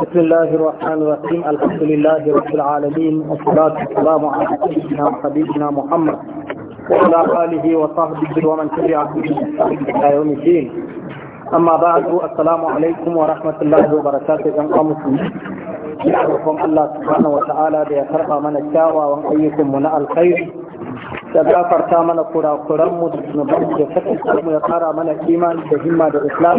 بسم الله الرحمن الرحيم الحمد لله رب العالمين والصلاة والسلام على سيدنا وحبيبنا محمد وعلى آله وصحبه ومن تبعه إلى يوم الدين أما بعد السلام عليكم ورحمة الله وبركاته أيها المسلمين نحركم الله سبحانه وتعالى بيترقى من الشاوى وأيكم من الخير da gafarta mana kurakuranmu da zunubanmu da fatin mu ya kara mana imani da himma da islam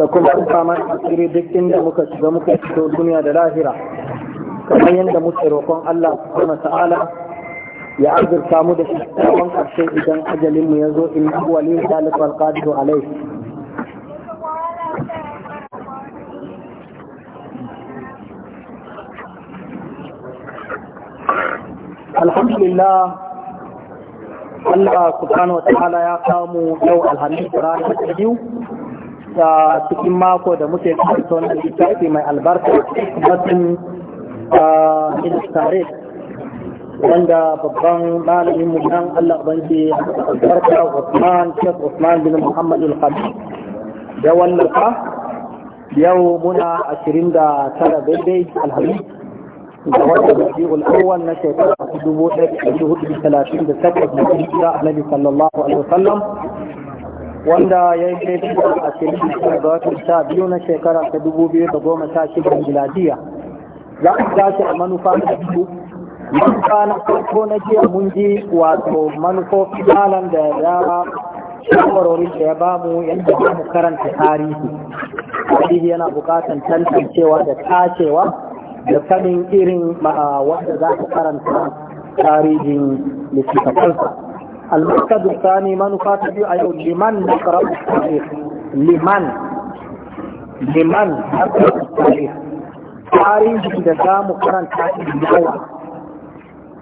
da kuma rufa mana asiri duk inda muka shiga muka fito duniya da lahira kamar yadda muke roƙon Allah subhanahu ta'ala ya azurta mu da kyakkyawan ƙarshe idan ajalin mu ya zo in wali talib alqadiru alai alhamdulillah Allah subhanahu wa ta'ala ya kamu yau alhamdulillah ranar biyu a cikin mako da muke karanta wannan littafi mai albarka batun ah, ilistare wanda babban malamin mu dan Allah banki albarka Usman Sheikh Usman bin Muhammad Al-Qadir ya wallafa yau muna 29 daidai alhamis da wata rabi'ul awwal na shekara 1438 da takwas da hijira Annabi sallallahu alaihi wasallam wanda ya yi daidai da ashirin da watan sha biyu na shekara ta dubu biyu da goma sha da giladiya, za ku tashi a manufa na biyu manufa na farko na jiya mun ji wato manufofi malam da ya shawarori da ya bamu yadda za mu karanta tarihi tarihi yana buƙatar tantancewa da tacewa da sanin irin ah, wanda za ka karanta tarihin littattafansa المقصد الثاني من فاتب أي أيوة، لمن نقرأ التاريخ لمن لمن نقرأ التاريخ تاريخ الإسلام قرن تاريخ دولة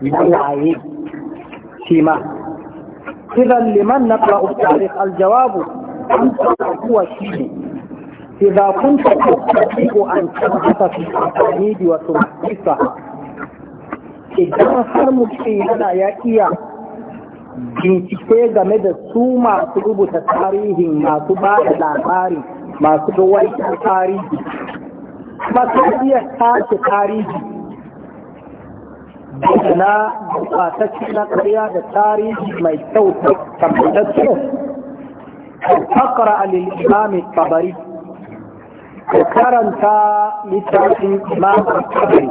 دولة سيما إذا لمن نقرأ التاريخ الجواب أنت هو شيء إذا كنت تستطيع أن تبحث في الأسانيد وتمحصها إذا هر مجتهد يا إياه bincike game da su masu rubuta tarihin masu ba da labari masu gawaitar tarihi masu iya tashi tarihi da na bukatacce na karya da tarihi mai kyau tabbatacce fakara al'imami tabari ka karanta littafin imamin tabari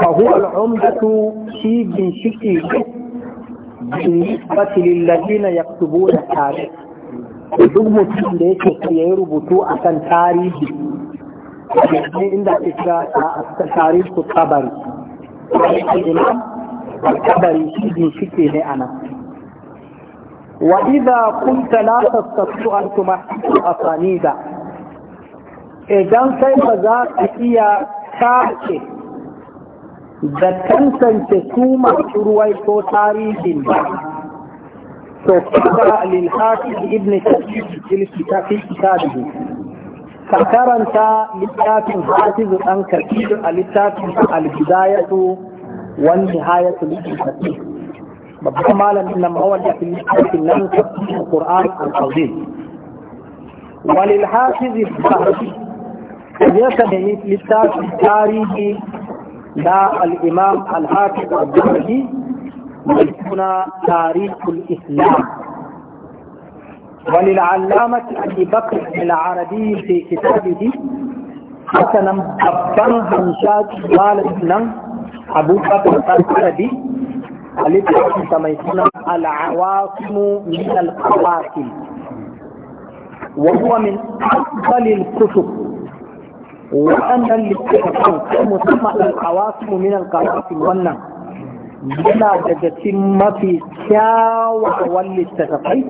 فهو العمدة في جنشك In بالنسبة للذين يكتبون tarihi, duk mutum da yake ya yi rubutu akan kan tarihi ne inda ake kira a tarihi su kabari imam kabari shi ginshike ne a nan wa idza kunta la tastatu an tumahhisu asanida idan sai ba za ka iya kace da tantance su masu ruwaito tarihin ba to kada lilhafi ibn tafsir fi kitabihi ka karanta littafin hafizu dan kafidu a littafin al-bidayatu wan nihayatu li tafsir babban malamin nan mawallafin littafin nan qur'an al-azim walil hafiz al-bahri ya sami littafin tarihi لا الإمام الحافظ الذهبي يسمى تاريخ الإسلام وللعلامة أبي بكر العربي في كتابه حسنا أبطن هنشاد إسلام أبو بكر العربي التي سميتنا العواصم من القواسم وهو من أفضل الكتب waɗannan littattafan ko musamman alƙawasimu min alƙawasim wannan yana daga cikin mafi kyawawan littattafai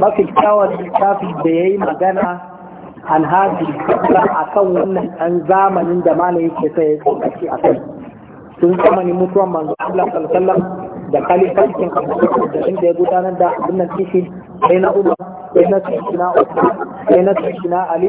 mafi kyawawan littafi da ya yi magana alhaji kabla a kan wannan ɗan zamanin da mana yake sai ya tsokaci a kai sun zamani mutuwan manzo Allah sallallahu da kalifancin abubuwan da inda ya gudanar da abin nan kishi sai na umar sai na sai na usman sai na sai na ali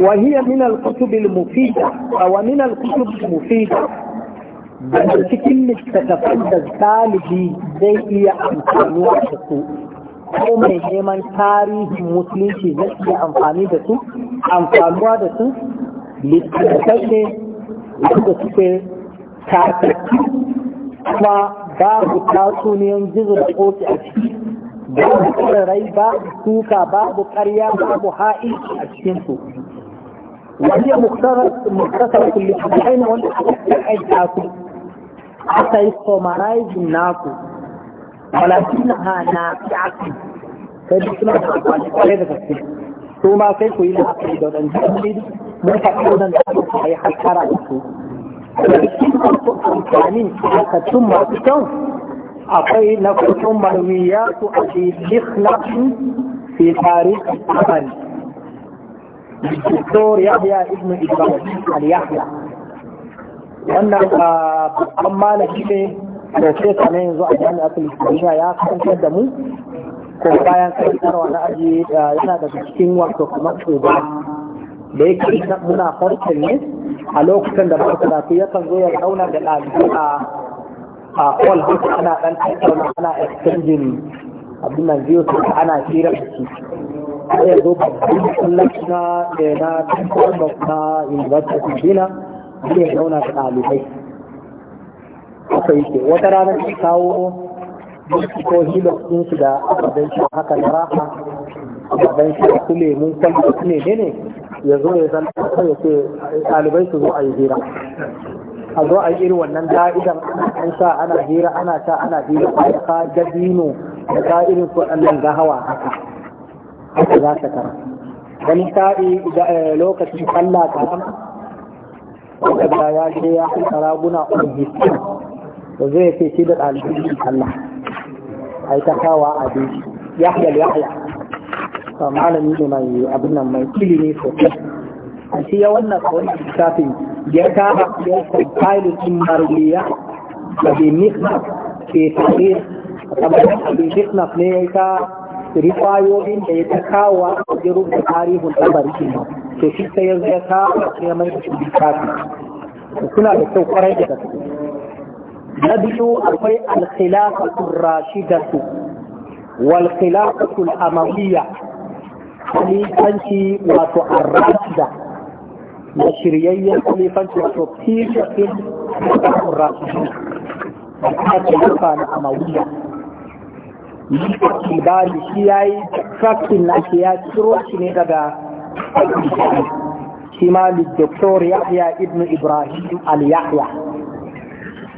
وهي من الكتب المفيدة ومن الكتب المفيدة بل cikin littattafan da galibi zai iya amfanuwa da su ko mai neman tarihin musulunci zai iya amfani da su amfanuwa da su littattafai ne wanda suke tafi kuma babu tatsuniyan gizo da ƙofi a ciki babu tsirrai babu suka babu karya babu hai a cikinsu wani muktasar kulli abubuwai ne wanda aka aika ku aka yi summarizing naku walakin ha na ƙaƙi sai duk suna da amfani kwarai da gaske su ma sai ku yi la'akari da waɗanda jami'ai mun faɗi wannan da aka yi haskara da su da cikin amfanin aka tun masu kyau akwai na kusur marwiya su a fi ikhlasu fi tarikh al-amali Dr. Yahya Ibn Ibrahim al-Yahya wannan a babban malami ne profesa ne yanzu a jami'atul islamiyya ya karantar da mu ko bayan karantarwa na aji yana daga cikin wato kamar tsoba da yake muna farkon ne a lokutan da ba muka ya kan zo ya zauna da ɗalibai a a call haka ana ɗan tattauna ana exchanging abin nan ana hira da shi a yi zo babban tsallaki na da eh, na da na university dina zai zauna da ɗalibai haka yake wata rana su kawo ko hilox ɗinsu da ababen shi haka na raha ababen shi su lemun kwallo su ne ne ya zo ya zanta ya ce ɗalibai su zo a yi hira a zo a yi irin wannan da'idan an sa ana hira ana ta ana hira a ka dabino da ka irin su annan gahawa haka haka za ka tara wani sa'i eh, lokacin sallah karam wanda ya ce ya fi raguna on history da zai ce shi da ɗalibin sallah a yi ta kawa a bi yahya yahya malami ne mai abin nan mai ilimi sosai a shi ya wannan kawai littafin ya tara failin in maruliya da bin miknaf ke tare kamar bin miknaf ne ya ta rifayoyin da ya ta kawo a jirgin da tarihin labarin shi to shi sai yanzu ya kawo a mai da shi kafi suna da kyau kwarai da gaske na biyu akwai alkhilafatu rashidatu wal khilafatu al-amawiyya khalifanci wato ar-rashida da shiryayyen kulifanci wato fishafin samun rasu da kuma kilifa na amawiya yi bari shi ya yi traktin na shi ya ciro shi ne daga shi ma doktor yahya ibn ibrahim al-yahya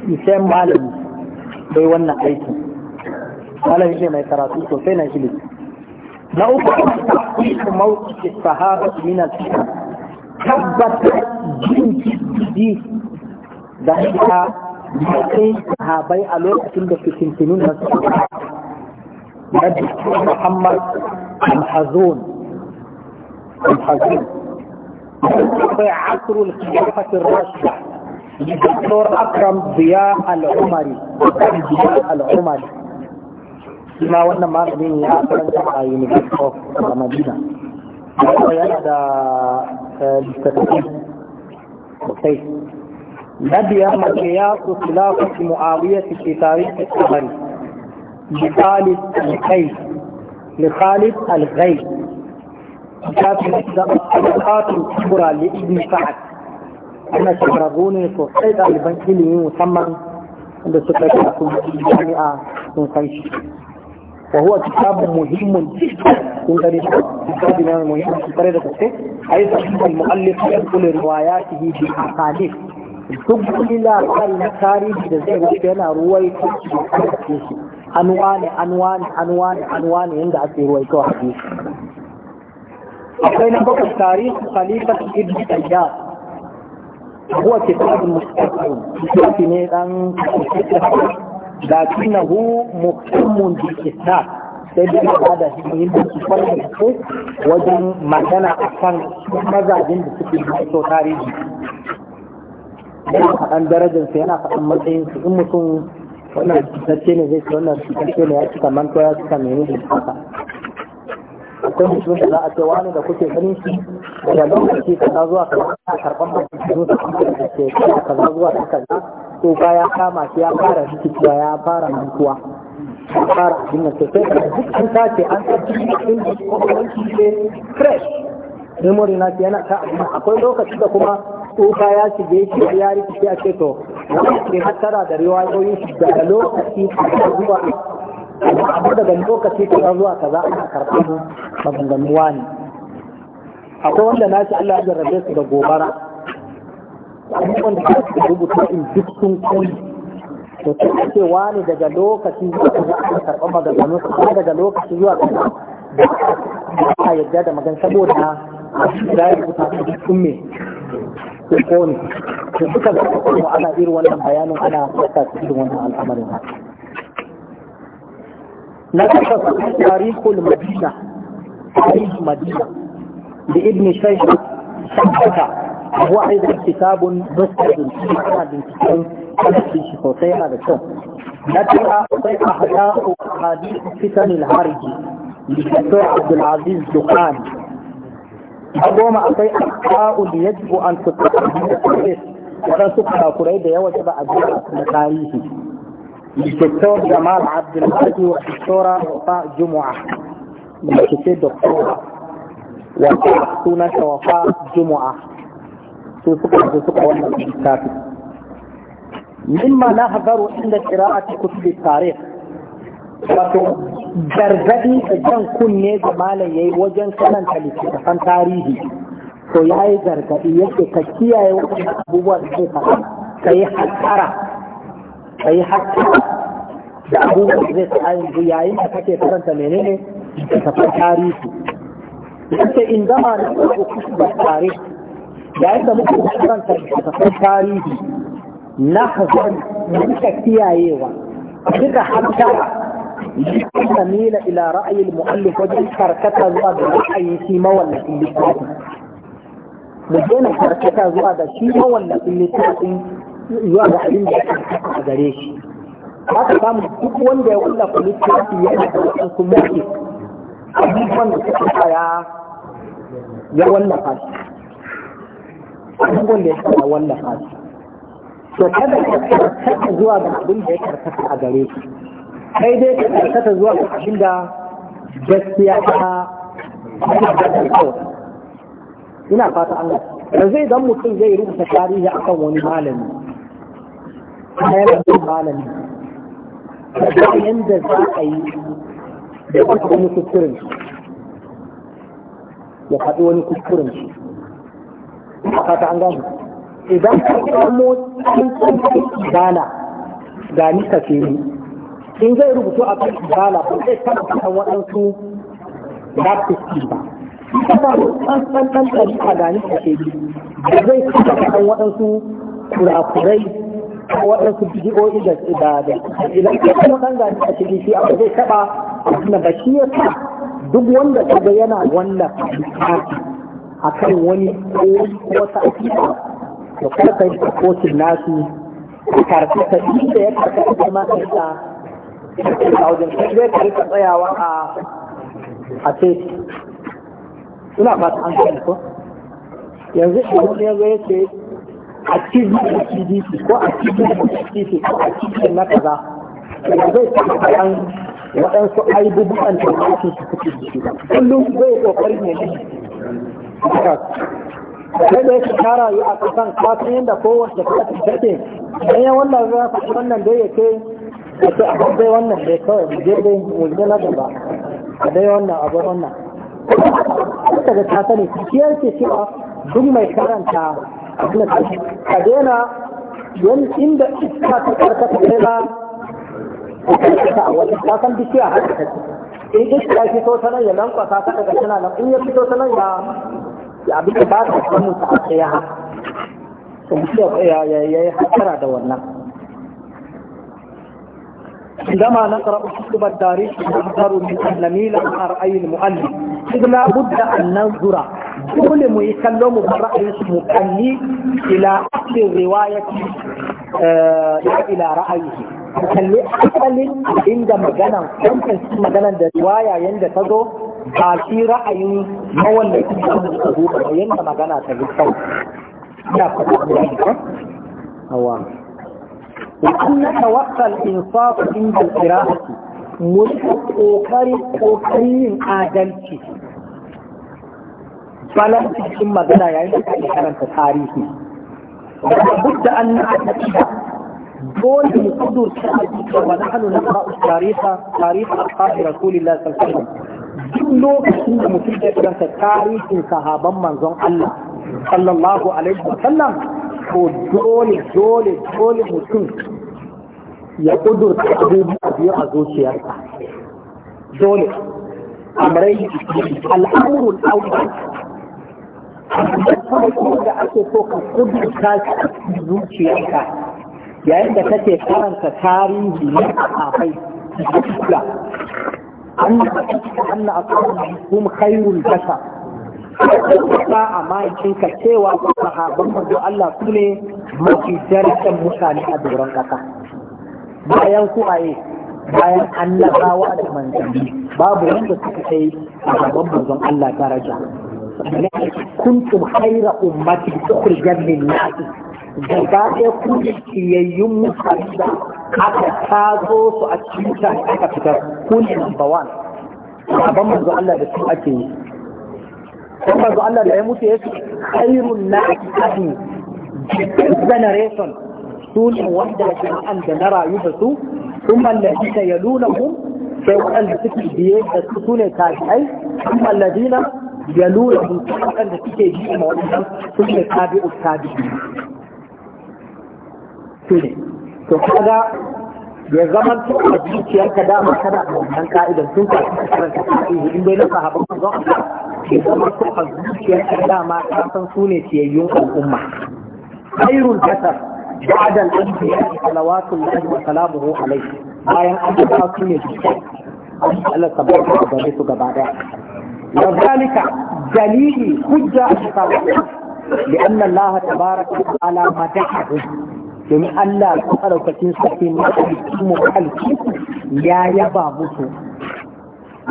isan malami bai wannan aikin malami ne mai karatu sosai na shi na uku kuma mawukin sahaba min al-fitan tabbata jin jiki da haka matsayin sahabai a lokacin da su tuntunun da su na jikin Muhammad Al-Hazun Al-Hazun akwai asirul khilafatin Rasha Dr. Akram Ziya Al-Umari Ziya Al-Umari ma wannan malamin ya karanta a University of Madina. Yana da للتفكير وكيف نبيا مقياس خلافة معاوية في تاريخ الطبري لخالد الغي لخالد الغيب كانت الكبرى لابن سعد أنا شهرغوني سوسيد البنكيلي مسمى عند سكرة الجامعة من خيشي وهو كتاب مهم جدا وذلك كتاب الإمام مهم في طريقة الفقه أيضا عند المؤلف ينقل رواياته بأحاديث تقول إلى قال مكاري في كان رويت حديث أنوان أنوان أنوان أنوان عند أسي رويت حديث أخينا بقى التاريخ خليفة ابن تياب هو كتاب مستقيم كتاب نيران كتاب Ga لكنه مهتم بالإسناد sai da ba da muhimmanci kwanan da ke wajen magana a kan mazajen da suke da so tarihi yana faɗan darajarsa yana faɗan matsayinsu in mutum wannan ce ne zai ce wannan ce ne ya cika manto ya cika menene da haka akwai mutum da za a ce wani da kuke sanin shi daga lokaci kaza zuwa kaza karban ba su da ke kaza zuwa ta kaza to ba ya kama shi ya fara rikicewa ya fara mutuwa ya fara abin da sosai da dukkan sace an tsarki cikin da kwakwalwanci ne fresh memory na shi yana ta abin akwai lokaci da kuma tsufa ya shige shi ya rikice a ce to na ke hattara da riwayoyin shi daga lokaci zuwa abu daga lokaci ta kaza zuwa kaza ana karɓar maganganuwa ne akwai wanda na shi Allah ya rabe su da gobara abu wanda ba su rubuta in duk sun koyi to ta ce wani daga lokaci zuwa kaza ana maganganu kuma daga lokaci zuwa kaza ba a yadda da magan saboda za ya rubuta su duk sun me sun kone to suka zama ana irin wannan bayanin ana saka cikin wannan al'amarin haka نكتب تاريخ المدينة تاريخ مدينة لابن شيخ شبكة وهو أيضا كتاب مسجد في أحد بنتكلم في شيخ حسين هذا الشيخ الشخص نكتب أحداث أحاديث فتن الهارجي للدكتور عبد العزيز دخان أقوم أعطي أخطاء يجب أن تتحدث ولن تقرأ قريبا يوجد أجزاء تاريخي الدكتور جمال عبد الهادي والدكتورة وفاء جمعة الكتير دكتورة وفاقتونة وفاء جمعة مما نحضر عند قراءة كتب التاريخ فاتو جربدي جن كن نيز مالا يي وجن كنن تلسكتان تاريخي فو يأي جربدي يكي تكيا يوكي أبوبا الحيطة كي حسارة ka yi haƙƙi da abubuwan zai ta yanzu yayin da kake karanta menene da tafar tarihi yake in zama na ɗauko kusa da tare yayin da muke karanta da tafar tarihi na hazan muka kiyayewa duka hankala تميل الى راي المؤلف وجه كركتا زوا da ra'ayin shi mawallafin littafin mu daina karkata zuwa da shi mawallafin littafin zuwa ga abin da ake a gare shi haka samu duk wanda ya wallafa littafi yana da wasu mulki abubuwan da suka ya ya wanda fashi abubuwan da ya ya wanda fashi to kada ka karkata zuwa ga abin da ya karkata a gare shi kai dai ka karkata zuwa ga abin da gaskiya ta ina fata Allah yanzu idan mutum zai rubuta tarihi akan wani malami kuma yana son malami da yadda za a yi da kuma wani kuskuren shi ya faɗi wani kuskuren shi a fata an gano idan ka samo tsantsan ibana ga ni ka ni in zai rubutu a kan ibana ba zai taɓa kasan waɗansu baptisti ba ka samu tsantsan ɗan ɗari a ga ni ka ni ba zai taɓa kan waɗansu kurakurai waɗansu bidiyoyi da da da idan ka kuma kan gani a cikin shi abu zai taɓa na ba shi ya sa duk wanda kaga yana wannan a kan wani ko wata akida da kuma kai da kotun nasu karfi ta inda ya karfi ta kuma kai ta a wajen kai zai karfi ta tsayawa a a ce ina ba ta an kai ko yanzu idan ya zo ya ce a cikin CDC ko a cikin CDC ko a cikin na kaza zai taɓa kayan waɗansu aibubuwan da ba su su suke da shi kullum zai kokari ne shi sai da yake tara yi a kasan kasan yadda kowace kasa take dan yan wannan za su wannan da yake a ce abin dai wannan dai kawai mu je dai mu je na gaba a dai wannan abin wannan Kuma daga ta sani shi yake cewa duk mai karanta abin ka daina wani inda iska ta karkata kai ba ka karkata a wani ka san bishiya har ta in iska fito ta nan ya lankwasa ta daga tana nan in ya fito ta nan ya ya abin da ba ta samu ta aka ya haka ya yi hakkara da wannan عندما نقرأ كتب التاريخ نحذر من أن نميل عن رأي المؤلف إذ لا بد أن ننظر dole mu yi kallo mu bar ra'ayinsu mu kalli ila asalin riwayati eh, ila ra'ayihi mu kalli asalin inda maganan kwanfansu maganan da riwaya yadda ta zo ba shi ra'ayin mawallafi da muka zo ba yadda magana ta zo kawai ina fata mu yi hawa وأن توقع الإنصاف عند القراءة ملك أوكاري أوكاري adalci. falon cikin magana yayin da kake karanta tarihi duk da an na akida dole mu kudur ta akida wa nahnu naqra'u tariha tariha ashabi rasulillah sallallahu alaihi wasallam duk lokacin da mutum ya karanta tarihin sahaban manzon Allah sallallahu alaihi wa sallam, ko dole dole dole mutum ya kudurta abubuwa biyu a zuciyarsa dole amrai al'amurul awwal farko da ake so ka kudurta shi zuciyarka yayin da kake karanta tarihi na kafai da anna ashabahum khairul bashar ba a ma'aikinka cewa sahabban manzo Allah su ne mafi darajar mutane a doron kasa bayan kuwaye bayan annabawa da manzanni babu wanda suka kai a gaban manzon Allah daraja كنتم خير أمة أخرج من الناس زكاة كل شيء يوم خرجة حتى تازو سأتشيك حتى تتر كل البوان أبما زو الله بسوأتي أبما زو الله بأموت يسو خير الناس أبي جنريشن سون وحدة جمعان جنرى يبسو ثم الذين يلونهم سيوان الذين يبسو سون تاجعي ثم الذين يلوله طبقا لتيكي جيه موليسا كل تابع التابع سيدي فهذا يزمن فوق الجيش يلقى داما كان من قائدا سنتا كان كتابيه إن بينا صاحب الضغط يزمن فوق الجيش يلقى داما كان سنتي ينقى الأمة خير الجسر بعد الأنبياء صلوات الله وسلامه عليه ما ينقى داما سنتي الله سبحانه وتعالى سبحانه وتعالى وذلك دليل حجة لأن الله تبارك وتعالى مدحه domin Allah ya ɗaukakin sarki mu halki ya yaba musu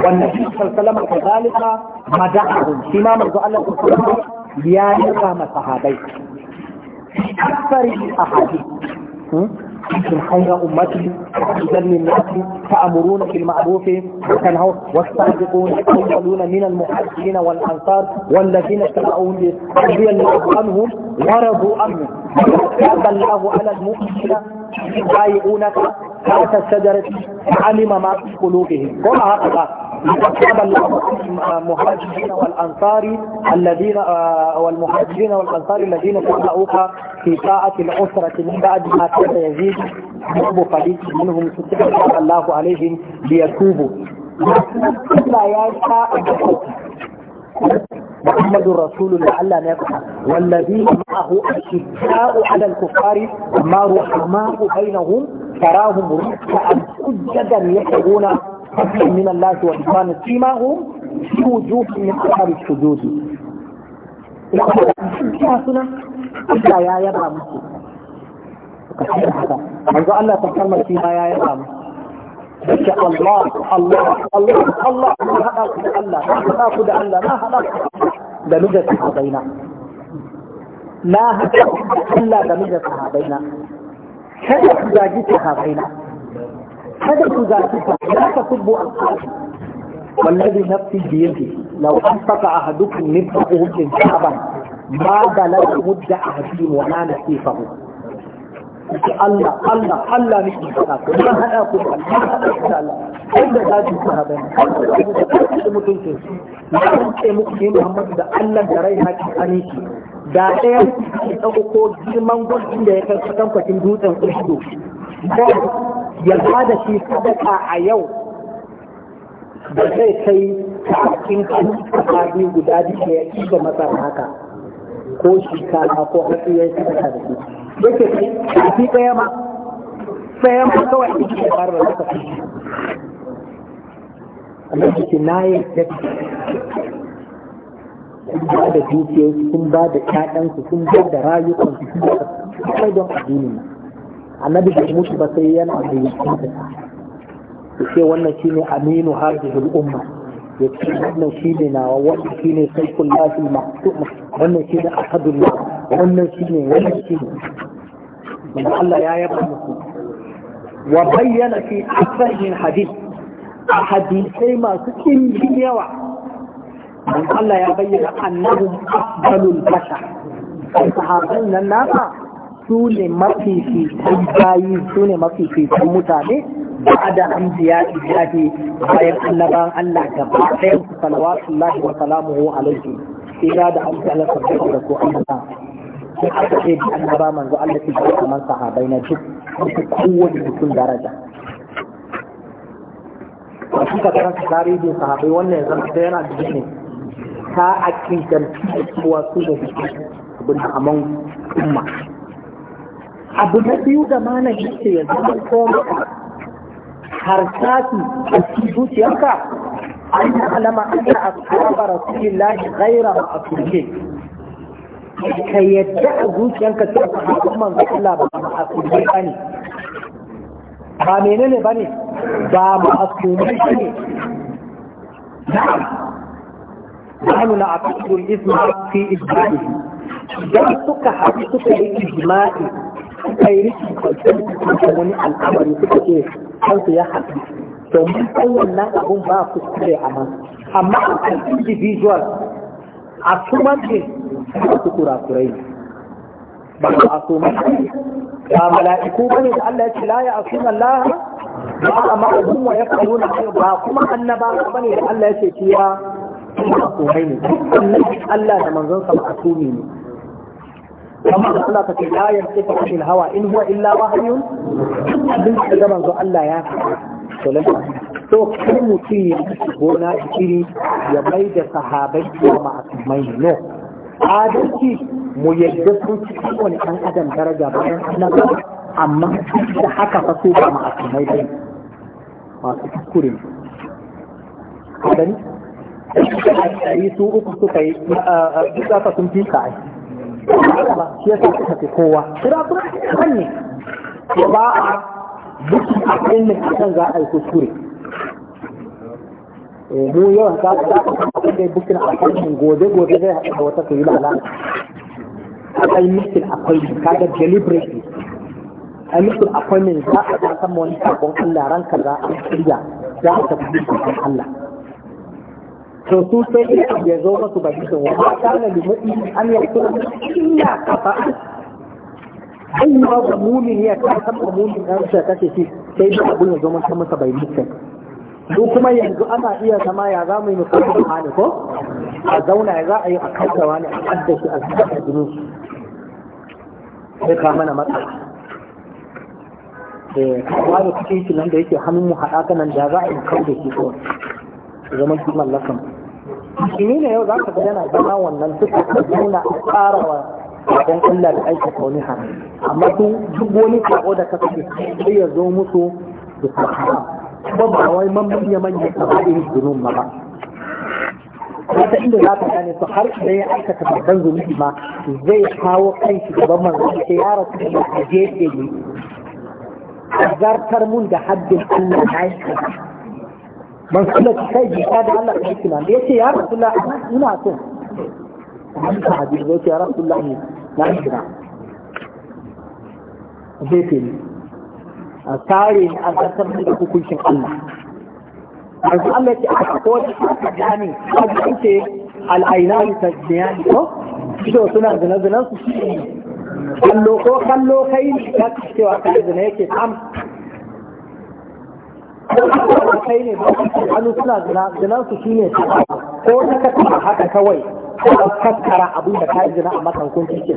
wannan shi sallama ka zalika madahu shi ma manzo Allah sallama ya yaba masahabai akthari ahadi من خير امتي تذل الناس تامرون المعروف وتنهون والصادقون يقولون من المحسنين والانصار والذين اتبعوا رضي الله عنهم ورضوا عنه تاب الله على المؤمنين يبايعونك تحت الشجره علم ما في قلوبهم وما هكذا لقد المهاجرين آه، والأنصار الذين آه، والمهاجرين والأنصار الذين تبعوها في ساعة العسرة من بعد ما كان يزيد حب فريق منهم كتب الله عليهم ليتوبوا لا محمد رسول الله ألا نفسه والذين معه أشداء على الكفار ما رحماء بينهم تراهم ركعا سجدا يحبون حفظ من الله فيما سيماه في وجوه من أصحاب السجود إلا يا يا منذ أن لا تفهم فيما يا يا الله الله الله الله الله ما هدا الله ما هدا دمجتها بينا ما هدا الله دمجتها بينا كيف تجاجتها بينا kada ku zaci ta la ta subbu ashabi wallazi nafsi bi yadi law anfaqa ahadukum mithluhu in sha'ban ma da balagha mudda ahadihim wa la nasifahu ki Allah Allah Allah ne ki faɗa ku na haɗa ku Allah wanda za ki fara bayani da mutuncin na ce muku ne Muhammadu da Allah da rai haki aniki da ɗaya ki ɗauko girman gwajin da ya kai kwatankwacin dutsen Uhud ko ya bada shi sadaka a yau da zai kai cikin hannuka guda biyu ya ci da matsar haka ko shekara ko hatsi ya yi sadaka da shi yake kai kafi ɗaya ma ɗaya ma kawai ake ke fara da suka fi Allah ce na yi sun ba da dukiyar sun ba da ƴaƴansu sun ba da rayukansu sun ba da kai don addinin nan annabi bai mutu ba sai yana da yakin ta ce wannan shine aminu hadhihi umma ya ce wannan shine nawa wannan shine saikul lafi mahtum wannan shine ahadullah wannan shine wannan shine manzo Allah ya yaba musu wa bayyana fi asahin hadith a hadisai masu kimbin yawa manzo Allah ya bayyana annahum afdalul bashar sahaban nan nasa su ne mafificin bayi su ne mafificin mutane ba da ambiya ijahi bayan annaban Allah ga ba ɗayan su salawatullahi wa salamuhu alaihi ila da amsa Allah sabbi da ko Allah sai aka ce da annaba manzo Allah ke ba kamar sahabai na duk kowane mutum daraja a suka karanta tarihin sahabai wannan ya zama yana da ne ta akin jamfi da cewa su da abin da amon umma abu na biyu da mana yake ya zama koma harsaki a cikin an yi alama ana a tsaba rasulillahi ghaira ma a turke ka yadda a zuciyanka ta sahabban manzo Allah ba ma a turke ba ne ba menene ba ne ba ma a turke ne na'am nahnu na'taqidu al fi ijma'i suka haɗu suka yi ijma'i suka yi rikin wani al'amari suka ce kansu ya haɗu domin san wannan abun ba kuskure a nan amma a individual a sumanci ba su kurakurai ba su a sumanci ba mala'iku ba ne da Allah ya ce la ya asu Allah ba a ma'azin wa ya faru na ba kuma annaba ba ne da Allah ya ce kiya ba su ne dukkan Allah da manzon sa ba a ne وما خلق في الآية صفة الهوى إن هو إلا وحي من كذا زو الله يا سلام تو كل مسلم هنا كذي يبي الصحابة وما أسمعه نو هذا شيء ميجدس من أن أدم درجة بعدين أنا أما حكى فسوق ما أسمعه ما تذكرين أدم أي سوء كتبه إذا تسمتي كاي shi yasa aka fi kowa kira kuma kan ne ba a duk abin da kan za a yi kuskure mu yau za ka zaɓa da bukin a kan gobe-gobe zai haɗa da wata kayi lalata akwai mistin akwai kaga deliberately a mistin akwai min za a ɗan sama wani sakon Allah ranka za a shirya za a tafi Allah to su sai in abu ya zo masu baki sun wani kana da mutum an ya so illa kafa ai ma ba mumin ya ka san ba mumin an sa kace shi sai da abu ya zo masa masa bai mutum su kuma yanzu ana iya zama ya za mu yi mutum hali ko a zauna ya za a yi a kantawa ne a kaddashi a cikin jini sai ka mana matsala kawo da kuke shi nan da yake hannun mu haɗa nan da za a yi kawo da shi kawai zama shi mallakan musulmi ne yau za ka ga yana zama wannan duka nuna tsara wa don Allah da aiki wani haram, amma duk wani sako da ka kace sai ya zo musu da sahara ba ba wai manya manya kamar irin dunun ma ba wata inda za ka gane su har idan ya aikata babban zunubi ma zai kawo kanshi gaban manzo sai ya rasu da jefe ne zartar mun da haddin Allah ya yi من كل شيء جهاد على الاحتلال ليش يا رسول الله هنا اسم يا رسول الله هنا نعم نعم زيت الثاري أنت كل شيء الله من قال لك أحقول يعني قد أنت العينان تجنيان شو شو سنة زنة زنة ko kai ne ba hannu suna zina zinan su shine ko ta ka haka kawai ko ka kaskara abin da ka yi a matan kun kike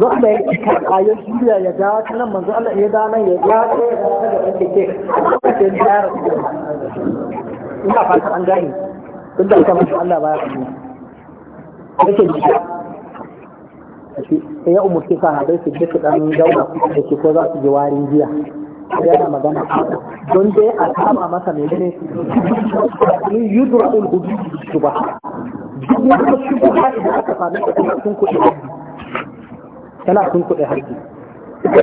don Allah ya cika kayan shirya ya dawo ta nan manzo Allah ya dawo nan ya dawo ya dawo da ɗan keke a cikin tsayar ina fata an gani tun da ita masu Allah baya kuma yake jika sai ya umurce sa hadai su jika ɗan dauna da ke ko za su ji warin jiya yana magana don dai a kama masa mai ne ni ul hudu duk idan aka sami ta sun kuɗe tana sun kuɗe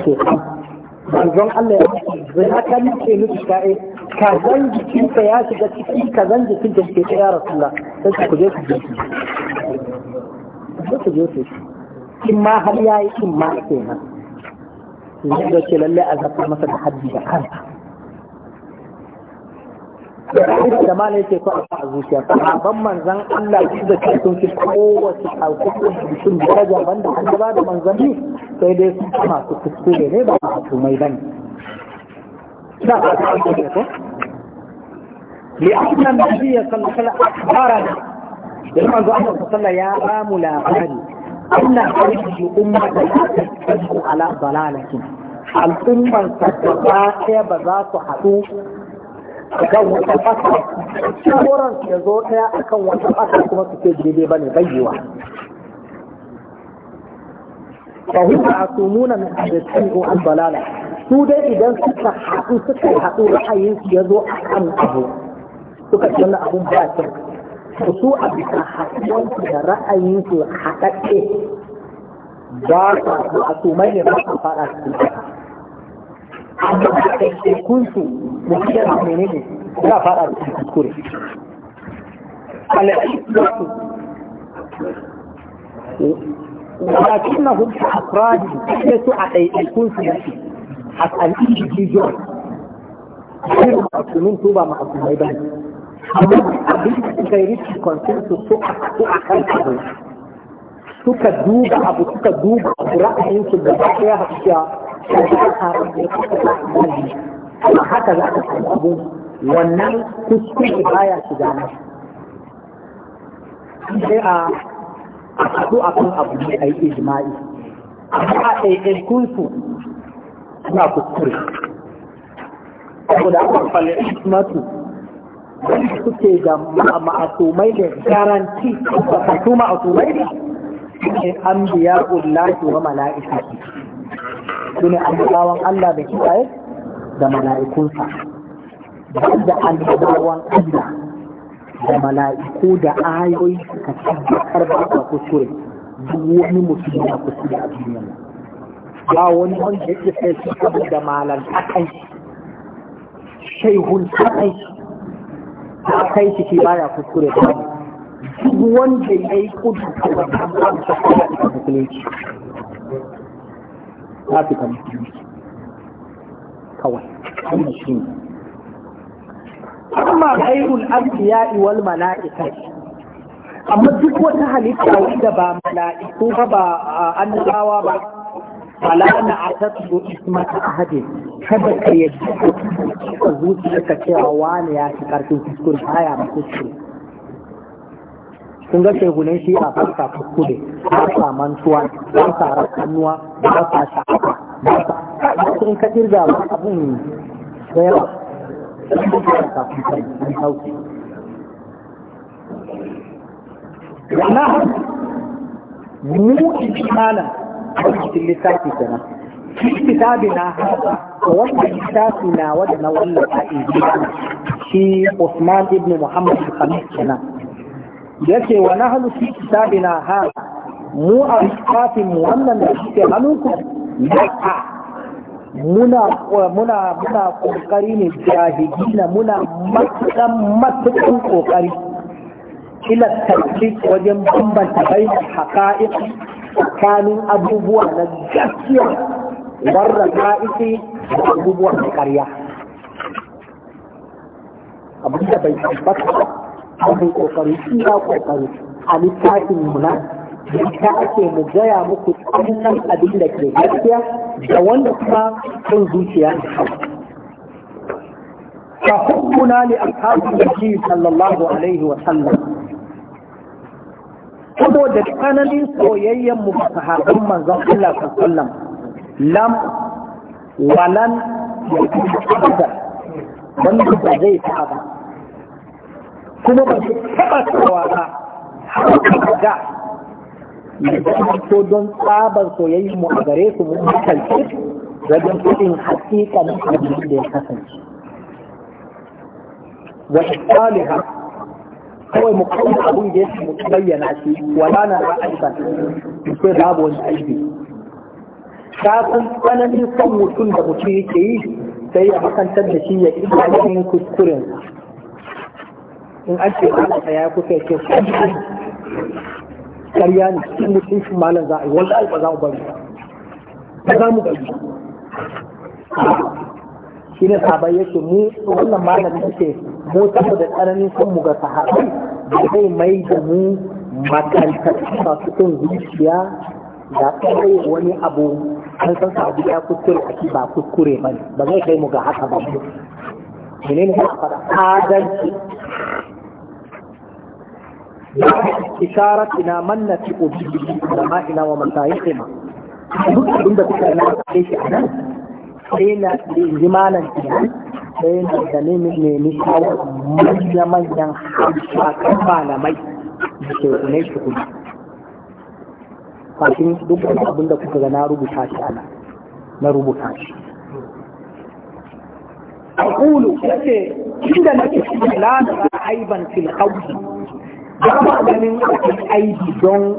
ke zan Allah ya zai haka ni nufi ka eh, zan ya shiga ciki ka zan ke ya sai ku je ku je ku je ku je ma har yayi in ma to yi da ce lalle a zafi masa da haddi da kanta duk da mala yake ko a sa a zuciya amma ban manzan Allah su da ke sun fi kowace a jikin daraja ban da an gaba da manzan ne sai dai su ci masu kuskure ne ba a hukumai ba ne. Na ba ta kuma ko? Li a cikin nan da shi ya sallakala a kamara da ya manzo Allah su sallaya ya ramu labari Allah ya rubuta umma da ta ala dalalatin al'ummar ta gaba ɗaya ba za su haɗu akan wata fata shawaran su ya zo ɗaya akan wata fata kuma su ce daidai ba ne bayyewa fa huwa asumuna min al-sami'u al dalala su dai idan suka haɗu suka haɗu ra'ayin su ya zo akan abu suka ce wannan abun ba kyau to su a bisa haɗuwansu da ra'ayinsu haɗaɗɗe ba su a tumai ne ba su fara su amma da ɗaiɗaikunsu mutum yana mene ne za fara su su kuskure al'aikatu walakin na hudu a kuraji sai su a ɗaiɗaikunsu yake a al'ijijiyar Shirin masu min tuba masu mai bane. amma abin da suka yi rikin consensus suka kan abu suka duba abu suka duba abu ra'ayinsu da ba ya haɗu cewa kuma haka za ka samu abu wannan kuskure baya shiga nan sai a haɗu a kan abu ne a yi ijma'i amma a kunsu suna kuskure saboda aka falle ismatu suke da ma'asumai da garanti da su ma'asumai ne an biya ullahi wa mala'ika su ne annabawan Allah da kiyaye da mala'ikunsa da bawan Allah da mala'iku da ayoyi suka tabbatar da ba kuskure duk wani mutum ya kuskure da duniyar ba wani wanda yake sai su da malan akan shaihun akan ta kai shi shi baya kuskure ba duk wanda ya yi kudu a an ba ta kuma da musulunci ta fi ka musulunci kawai wannan shi ne amma ghairul anbiya'i wal mala'ikati amma duk wata halitta wanda ba mala'iku ba ba annabawa ba fala na asatu ismata ahadin kada ka yadda ka zuciya ka cewa wani ya fi karfin kuskure baya ma kuskure kun ga shegunan shi a farka kuskure ba sa mantuwa ba sa rakannuwa ba sa sha'awa ba sa in ka kirga ba abin da yawa wannan mu imanin cikin littafi kenan kitabi na haka wannan littafi na wanda na wallafa injiliya shi Usman ibn Muhammad al-Khamis kenan yace wa nahnu fi kitabina ha mu a mu wannan da shi hannunku ya'a muna muna muna kokari ne jahilina muna matukan matukan kokari ila tarkik wajen bambanta bayan haqa'iq tsakanin abubuwa na gaskiya barra ka'isi da abubuwa na karya abu da bai tabbata abin kokari iya kokari a littafin mu na ta ake mu gaya muku tsannan abin da ke gaskiya da wanda kuma kan zuciya Ka ne a لأصحاب النبي Sallallahu alaihi wa sallam. saboda tsananin soyayyen mu sahabban manzon Allah sallallahu lam walan ya abada wanda ba zai fi ba kuma ba su taba cewa ba har ga to don tsabar soyayyen mu a gare su mun da wajen kudin hakikan abin da ya kasance wa salihah kawai mu kawai abun da yake mutu bayyana shi wala na ra'ayban sai babu wani aiki ka san tsananin son mutum da mutum yake yi sai ya makantar da shi ya ƙi yin kuskuren in an ce ba ya kusa ya ce ƙarya ne cikin mutum shi malam za a yi wanda alba za mu bari ba za mu bari shi ne sabai yake mu wannan malamin yake mu saboda tsananin son mu ga sahabai da zai mai da mu ta masu son zuciya da kai wani abu an san sabu ya kuskure a ba kuskure ba ne ba zai kai mu ga haka ba ne ne za a faɗa adalci إشارتنا من نثق به علمائنا ومشايخنا. Duk abin da kuka na shi a nan, sai na limanan kenan sai na da nemi manya-manyan hakan malamai da ke kunai shi kuma fashin duk wani abin da kuka ga na rubuta shi ana na rubuta shi أقول يتي إن نفسي لا نرى عيبا في الخوف ba ma ganin aibi don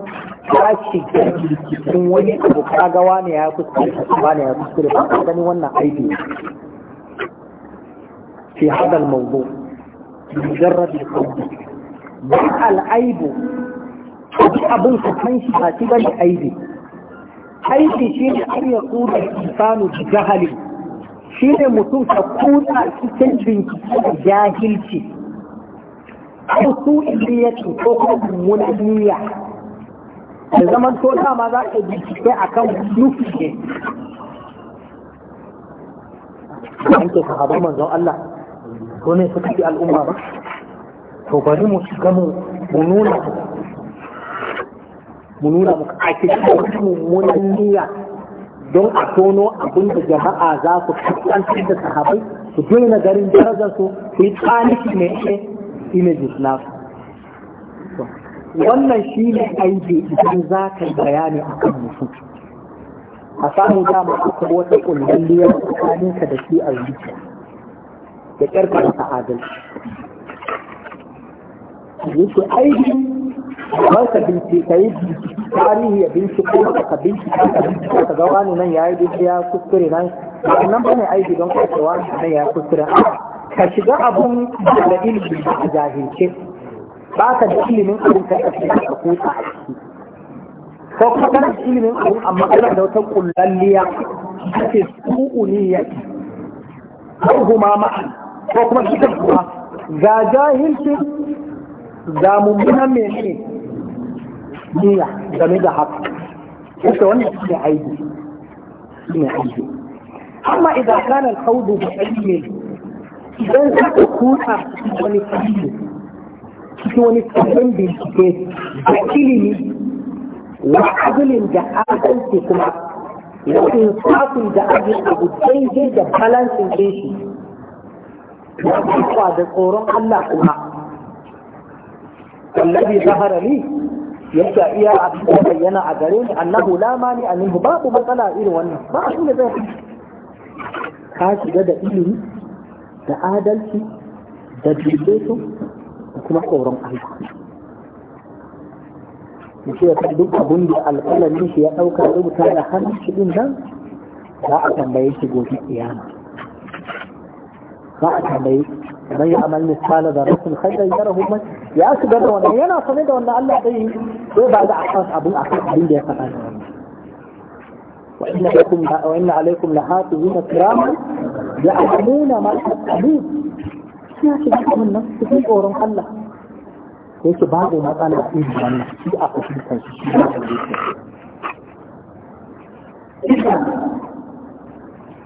tashi shiga cikin wani abu ka ga wani ya kuskure wani ya kuskure ba gani wannan aibi fi hadal mawdu mujarrad al-qawli ba al-aibu abin ka san shi ba shi ba ne aibi aiki shi ne an ya kuda insanu da jahali shi ne mutum ka kuda cikin bincike da jahilci ko su iliyatu ko kuma mummunan niyya da zaman to dama za ka bincike a kan nufi ne an ke sahabar manzon Allah ko ne suka fi al'umma ba to bari mu shiga mu nuna mu nuna mu ake mu mummunan niyya don a tono abin da jama'a za su kusantar da sahabai su daina garin darajar su su yi tsaniki ne images nasu wannan shi ne aiki idan za ka yi bayani a kan mutum a samun dama aka wata ƙungiyar tsakaninka da shi a zuciya da ƙarfafa ta adalci yake aiki ba ka bincika yi tarihi ya binciko ka bincika ka bincika ka ga wani nan ya yi daidai ya kuskure nan wannan ba ne aiki don kwacewa nan ya kuskure ka shiga abun da ilimi a jahilce ba ka da ilimin abin kai a cikin ka kuma a ciki ko kuma kana da ilimin abin amma kana da wata kullalliya ya su'uniyya ko kuma ma'a ko kuma kika kuma ga jahilci ga muna mene niyya game da haka kusa wannan shi ne aiki shi ne aiki amma idan kana kaudu da ilimi idan ka kuka wani fahimta cikin wani tsarin bincike da ilimi wa adalin da adalci kuma da insafin da abin abu daidai da balancin ɗin shi da da tsoron Allah kuma wallabi zahara ni yadda iya abin da bayyana a gare ni annahu la mani annahu babu matsala irin wannan ba abin da zai ka shiga da ilimi da adalci da daidaito kuma tsoron Allah ce ya duk abin da alƙalamin shi ya ɗauka rubuta da hannun shi ɗin nan za a tambaye shi gobe kiyama za a tambaye man ya amal misala da rasul khairan yarahu man ya shiga da wannan yana sane da wannan Allah dai ko ba da akan abin akan abin da ya faɗa da wannan وإن inna lakum wa inna alaikum lahafizuna kiraman ya'lamuna ma tasnun ya shiga da wannan da yake babu matsala irin wani shi a fahimtar shi shi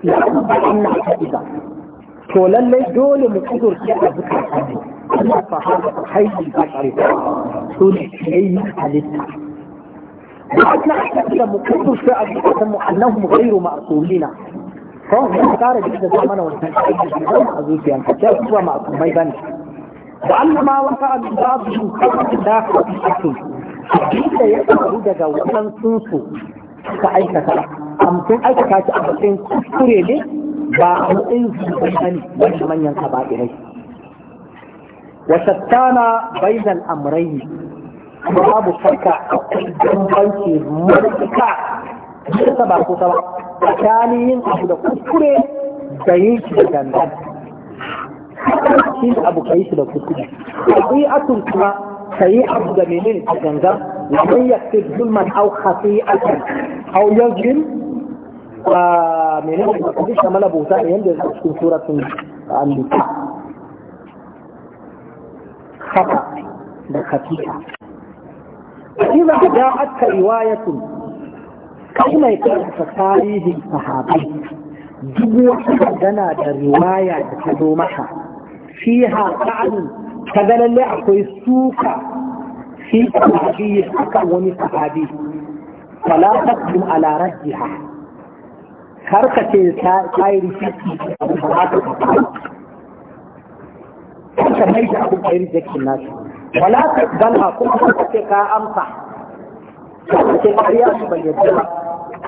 da yake to lallai dole mu kudurce a zukatan ne kuma fahimta haini ba tsare su ne yayi halitta وأثناء التأكيد مكتوب في أجهزتهم أنهم غير مأصولين فهم يختار جدا زمنا والتنسيق بالدم أزوجيا حتى هو معصوم ما يبانش Da wata وأن ما وقع da بعضهم كفر الله وبشكل ya يقول daga wannan sunsu ka aikata amsin aikata shi a matsayin kuskure ne ba a matsayin zunubai ba wani manyan ka kaba'irai wa shattana bainal amrai kuma babu farka akwai bambanci matuka bisa ba kusa ba tsakanin yin abu da kuskure da yin shi da gangan shi abu kai shi da kuskure tabi'atun kuma yi abu da menene da ganga wa man yaktir zulman aw khati'atan aw yazlim menene da kuskure shamala bauta yanda yake cikin suratul an-nisa khata da khati'a إذا جاءتك mai كما يكون تاريخ duk wata magana da riwaya da ta zo maka fiha ta'adun ta ga lalle akwai suka fi sahabi akan wani sahabi fala taqdum ala rajjiha kar ka ce ta kai rikici ka mai da abu kai rikici nasu wala taqbalha kuma ka ce ka amsa ka ce kariya su bayyana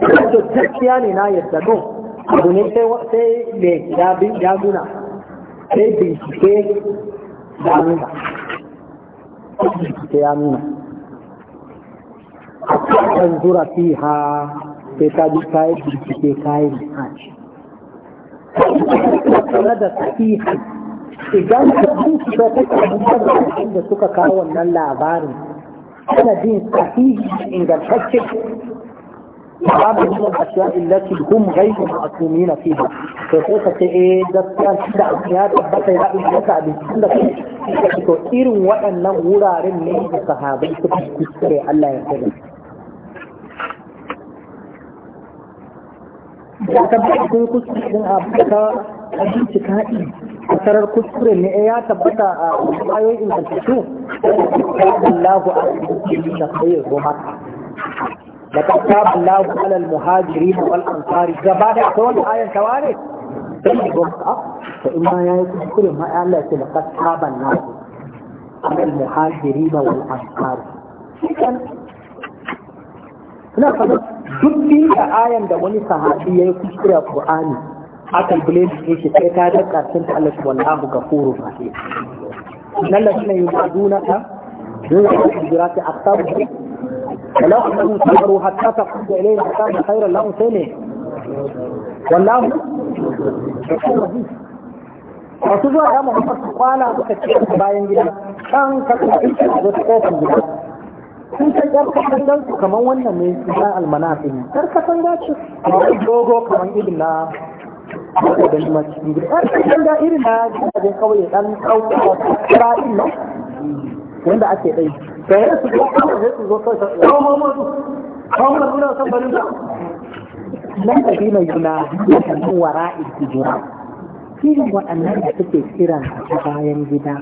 ka ce gaskiya ne na yadda no abu ne sai mai ya nuna sai bincike da nuna bincike ya nuna a kan zura fi ha sai ta bi kayan bincike kayan hajji tare da sahihan idan ka bincike ta kan da suka kawo wannan labarin sanadin sahihi ingantaccen تعبد من الاشياء التي هم غير معصومين فيها فقصة ايه ده كان شدة اشياء تبقى يلعب الشتاء بيسند فيه كثير وانا غورا رمي الصحابة كثير الله يحفظه تبقى كثير من ابتا ابن شكائي أسرار كسر نئيا تبتا آيوي إن تشوف الله أعلم أن لقد تاب الله على المهاجرين والانصار زبادة آية تقول هاي الكواني تنجم أب أه. فإما يأتي كل ما قال لقد تاب الله على المهاجرين والانصار لكن هنا فقط دبي آية عند من صحابي يكشف القرآن أكل بليد إيش تكاد تكسر الله والله غفور رحيم نلاقي يوجدونك نلاقي جراتي أكثر ولو انهم صبروا حتى تقود اليه كان خيرا لهم سنه والله wasu zuwa ya muhammad su kwana suka ce bayan gida kan ka kuma ita a wata gida sun ta yar kasan su kamar wannan ne su san almanafi ne yar kasan gaci a wani dogo kamar irin na da da lima cikin gida yar da irin na gidajen kawai dan kauka wata kira din nan wanda ake ɗai da ya su zo kawai sai su zo kawai kawo mamadu kawo mamadu na san bari ba nan da dina yuna da wara ikijira irin waɗannan da suke kiran a bayan gida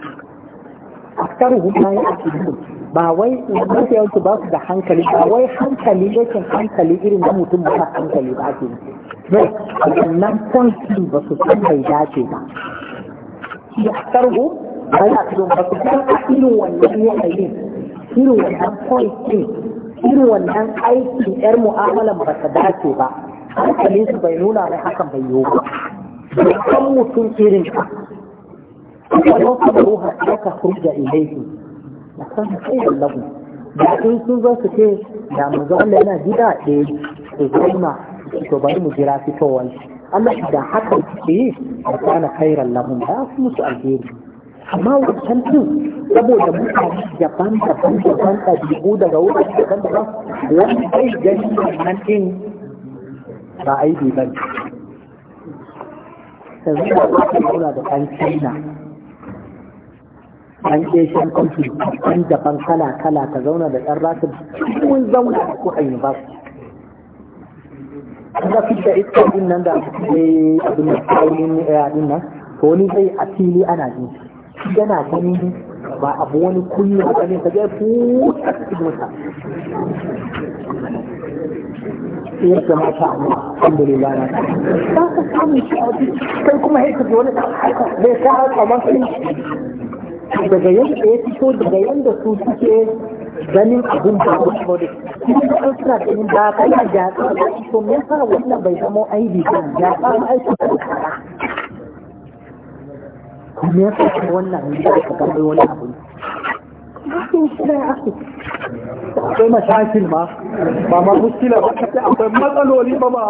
askar hukuma ya ake ba wai mafi yawanci ba su da hankali ba wai hankali yakin hankali irin da mutum ba hankali ba ake ne wannan kwanci ba su san bai dace ba askar hukuma ya ake ba su san irin wannan yanayin irin wannan point ɗin irin wannan aikin yar mu'amalan ba ta dace ba hankalin su bai nuna mai hakan bai yiwu ba bai san mutum irin ka wannan kabaru haka furja ilaihi na kan sai lahu da in sun zo su ce da mu zaune yana gida ɗaya su zauna to bari mu jira fitowar Allah da hakan suke yi a kana khairan lahum ba su musu alheri amma wancan din saboda mutane daban daban daban ɗabi'u daga wurin daban daban wani zai gani wannan din ba a yi ba ne yanzu da aka kula da ɗan china ɗan asian country ɗan japan kala kala ka zauna da ɗan rasu cikin zauna da ku a university za fi da iska din nan da abin da yi eh, nan to wani zai a fili ana jin yana ganin ba abu wani kunya ba ne kaje buɗe cikinsa ya zama ta amma alhamdulillah na ba ka samu shi a wajen kai kuma haika da wani bai kawo kamar kai daga yadda ya fito daga yadda su suke ganin abin da ba su bari cikin da an suna ganin ba ka yi jaƙa to me yasa wannan bai zama aibi ba ya ma aiki me yasa ka wannan ne da ka gaba wani abu ne akwai mashakil ma ba ma muskila ba kace akwai matsaloli ba ba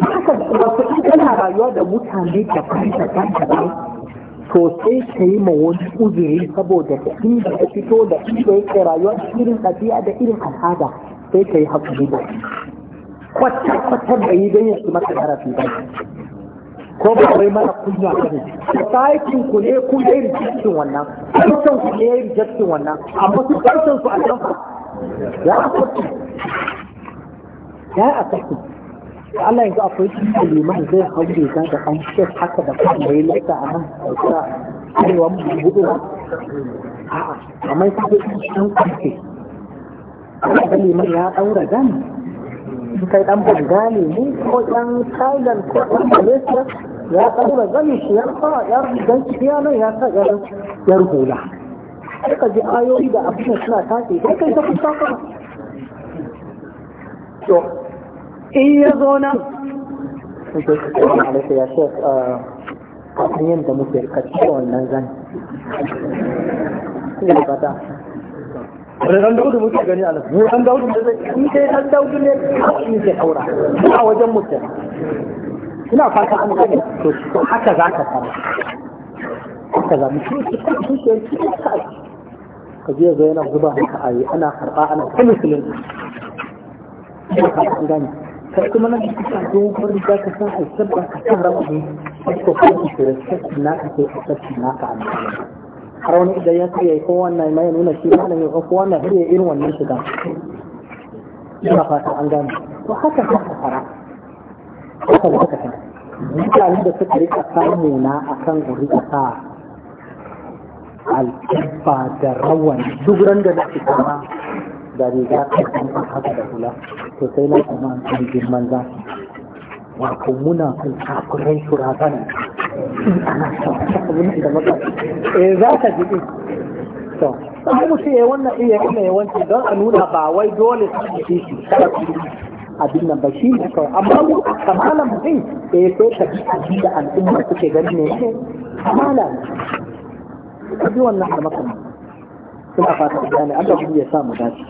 haka wasu kana rayuwa da mutane da kanta kanta to sai ka yi ma wani uzuri saboda da inda ka fito da inda yake rayuwa irin ɗabi'a da irin al'ada sai ka yi hakuri da kwata-kwata da yi don ya shi masa harafi ba ko ba kai mana kunya ba ne societin ku ne ku yi rijistin wannan san ku ne rijistin wannan amma su karshen su a can ya akwai ya akwai Allah yanzu akwai ne liman zai hau riga da an ce haka da kuma yi lasa a nan hausa arewa mu hudu a'a amma sai an kwanke Allah da liman ya daura gani su kai dan banga ne ko dan Thailand ko dan lesa ya da zan shi ya fa ya dan ya nan ya sa ya ya rubula ka ji ayoyi da abin suna tashi sai kai ta kusa ka to in ya zo nan ya ce a hanyar da muke kaci wannan zan. ba ta ran daudu muke gani a nan ran daudu da zai in dai ran daudu ne kawai ne kaura a wajen mutum ina fata an gani to haka za ka fara haka za mu ci ci ci ka je ga yana zuba haka a yi, ana karɓa ana ta kulusulin ina fata an gani kai kuma nan da kuka kake dogon da ka san ai sabba ka san rabu ko ko ka tsira na ka sai ka tsira na ka amfana har wani idan ya kai ko wannan mai nuna shi malami ko ko wannan har ya irin wannan shiga ina fata an gane to haka haka fara haka haka fara mutane da suka rika samu na akan rika sa alkibba da rawan duk ran da nake kama da riga ta kan haka da hula to sai na kuma an girman za wato muna kan shura su razana eh za ka ji to sai mu ce wannan iya kuma yawanci don a nuna ba wai dole su ci shi abin nan ba shi ne kawai amma mu kamala mutum eh sai ka ji da al'umma suke gani ne eh, kamala ka ji wannan suna fata da ne Allah ya sa mu dace